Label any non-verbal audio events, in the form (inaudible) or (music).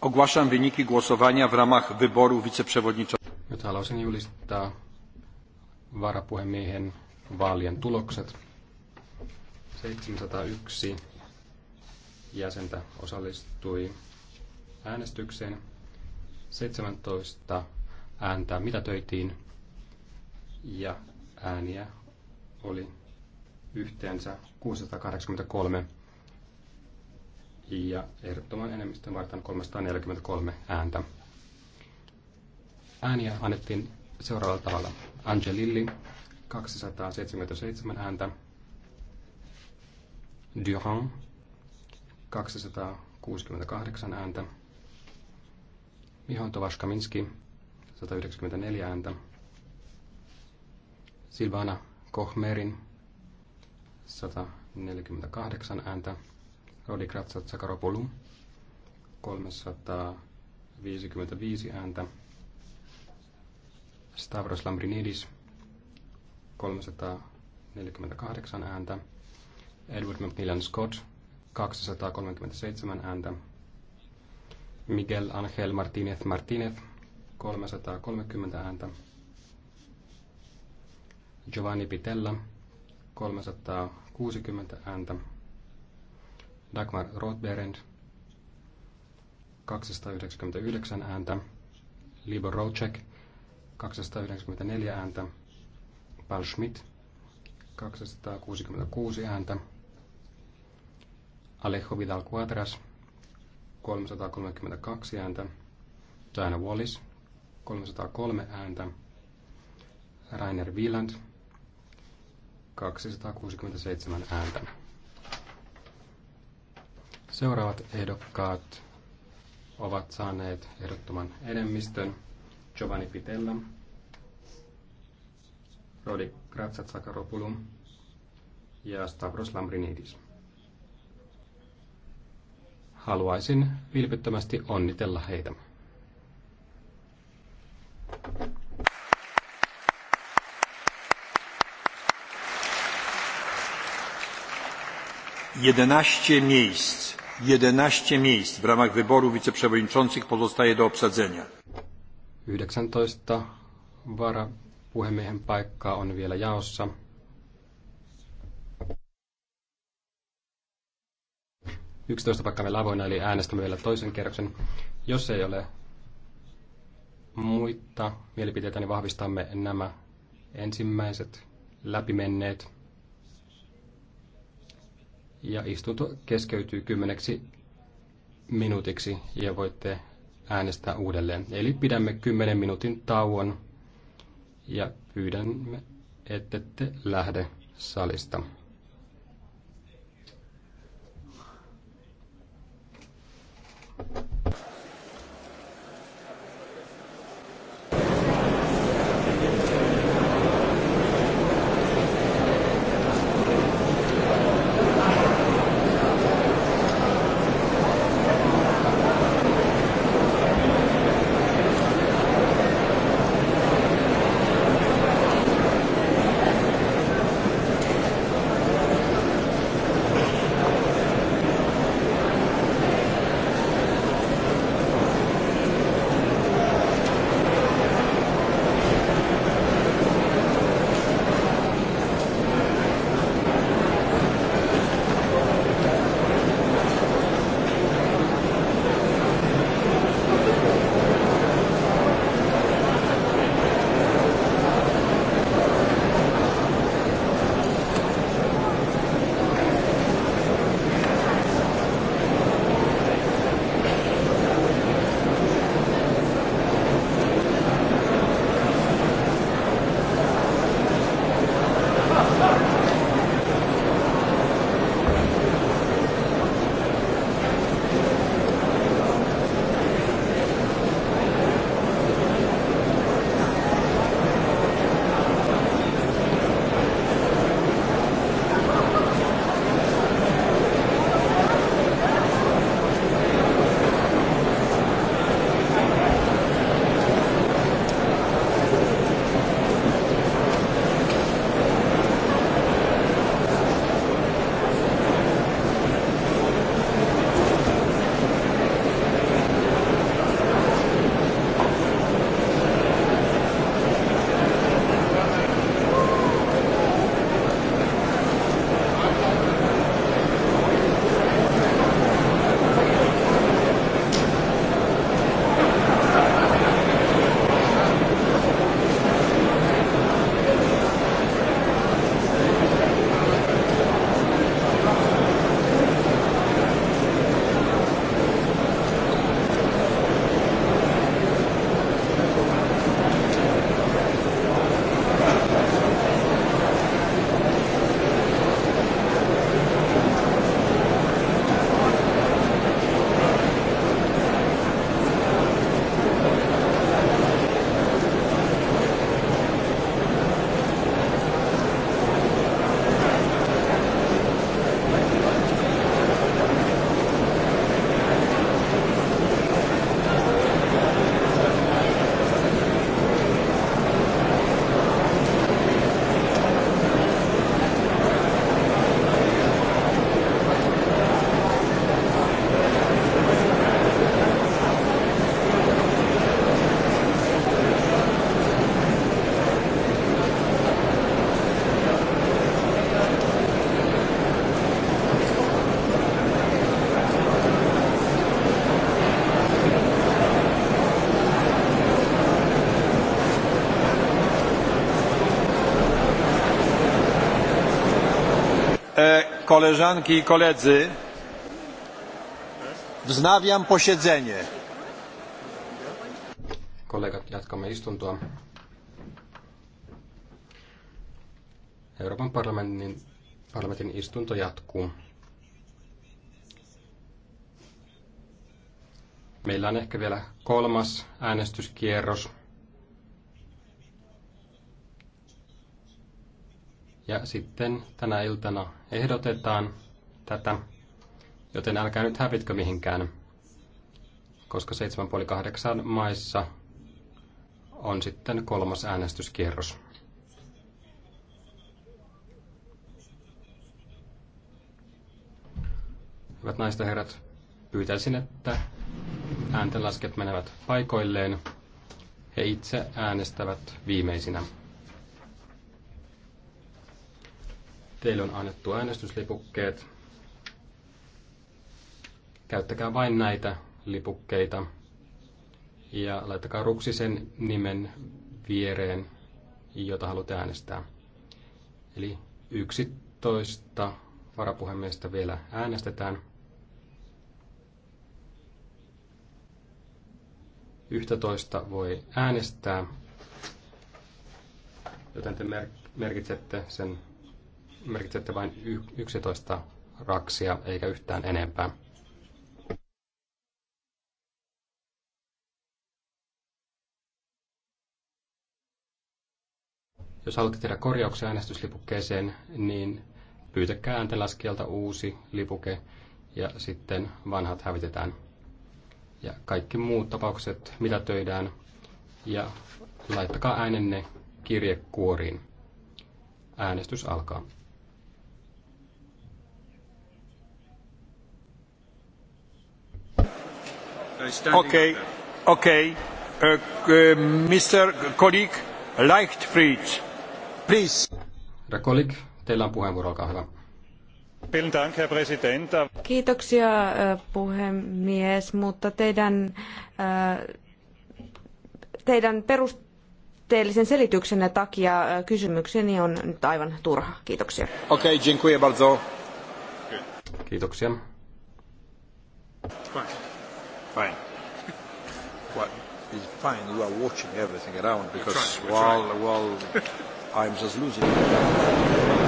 Ogłaszam wyniki głosowania w ramach wyboru wiceprzewodniczącego. Nyt haluaisin julistaa varapuhemiehen vaalien tulokset. 701 jäsentä osallistui äänestykseen. 17 ääntä töitiin ja ääniä oli yhteensä 683 ja ehdottoman enemmistön varten 343 ääntä. Ääniä annettiin seuraavalla tavalla. Angelilli 277 ääntä, Durand 268 ääntä, Mihon Tovaskaminski 194 ääntä, Silvana Kohmerin 148 ääntä, oli Kratsa Tsakaropolu 355 ääntä. Stavros Lambrinidis 348 ääntä. Edward McMillan Scott 237 ääntä. Miguel Angel Martinez Martinez 330 ääntä. Giovanni Pitella 360 ääntä. Dagmar Rothberend 299 ääntä, Libor Rocek 294 ääntä, Paul Schmidt 266 ääntä, Alejo Vidal Quadras 332 ääntä, Diana Wallis 303 ääntä, Rainer Wieland 267 ääntä. Seuraavat ehdokkaat ovat saaneet ehdottoman enemmistön. Giovanni Pitella, Rodi Gratsatsakarofulu ja Stavros Lambrinidis. Haluaisin vilpittömästi onnitella heitä. jedenaście miejsc 11 miejsc w ramach wyboru wiceprzewodniczących pozostaje do obsadzenia. 19 varapuhemiehen paikkaa on vielä jaossa. Yksitoista paikkaa meillä avoinna, eli äänestämme vielä toisen kerroksen. Jos ei ole muita mielipiteitä, niin vahvistamme nämä ensimmäiset läpimenneet ja istunto keskeytyy kymmeneksi minuutiksi ja voitte äänestää uudelleen. Eli pidämme 10 minuutin tauon ja pyydämme, ette lähde salista. koleżanki i koledzy, wznawiam posiedzenie. Kollegat, jatkamme istuntoa. Euroopan parlamentin, parlamentin istunto jatkuu. Meillä on ehkä vielä kolmas äänestyskierros. Ja sitten tänä iltana ehdotetaan tätä, joten älkää nyt hävitkö mihinkään, koska 7,5-8 maissa on sitten kolmas äänestyskierros. Hyvät naiset ja herrat, pyytäisin, että ääntenlasket menevät paikoilleen. He itse äänestävät viimeisinä. Teille on annettu äänestyslipukkeet. Käyttäkää vain näitä lipukkeita ja laittakaa ruksi sen nimen viereen, jota haluatte äänestää. Eli 11 varapuhemiestä vielä äänestetään. 11 voi äänestää, joten te merkitsette sen merkitsette vain 11 raksia eikä yhtään enempää. Jos haluatte tehdä korjauksia äänestyslipukkeeseen, niin pyytäkää ääntenlaskijalta uusi lipuke ja sitten vanhat hävitetään. Ja kaikki muut tapaukset mitä ja laittakaa äänenne kirjekuoriin. Äänestys alkaa. Okay, okay. Uh, uh, Mr. Kolik, Leichtfried, please. Herra Kolik, teillä on puheenvuoro, olkaa hyvä. Kiitoksia uh, puhemies, mutta teidän, uh, teidän perusteellisen selityksenne takia uh, kysymykseni on nyt aivan turha. Kiitoksia. Okei, okay, dziękuję bardzo. Kiitoksia fine. What? it's fine. You are watching everything around because while, while (laughs) I'm just losing.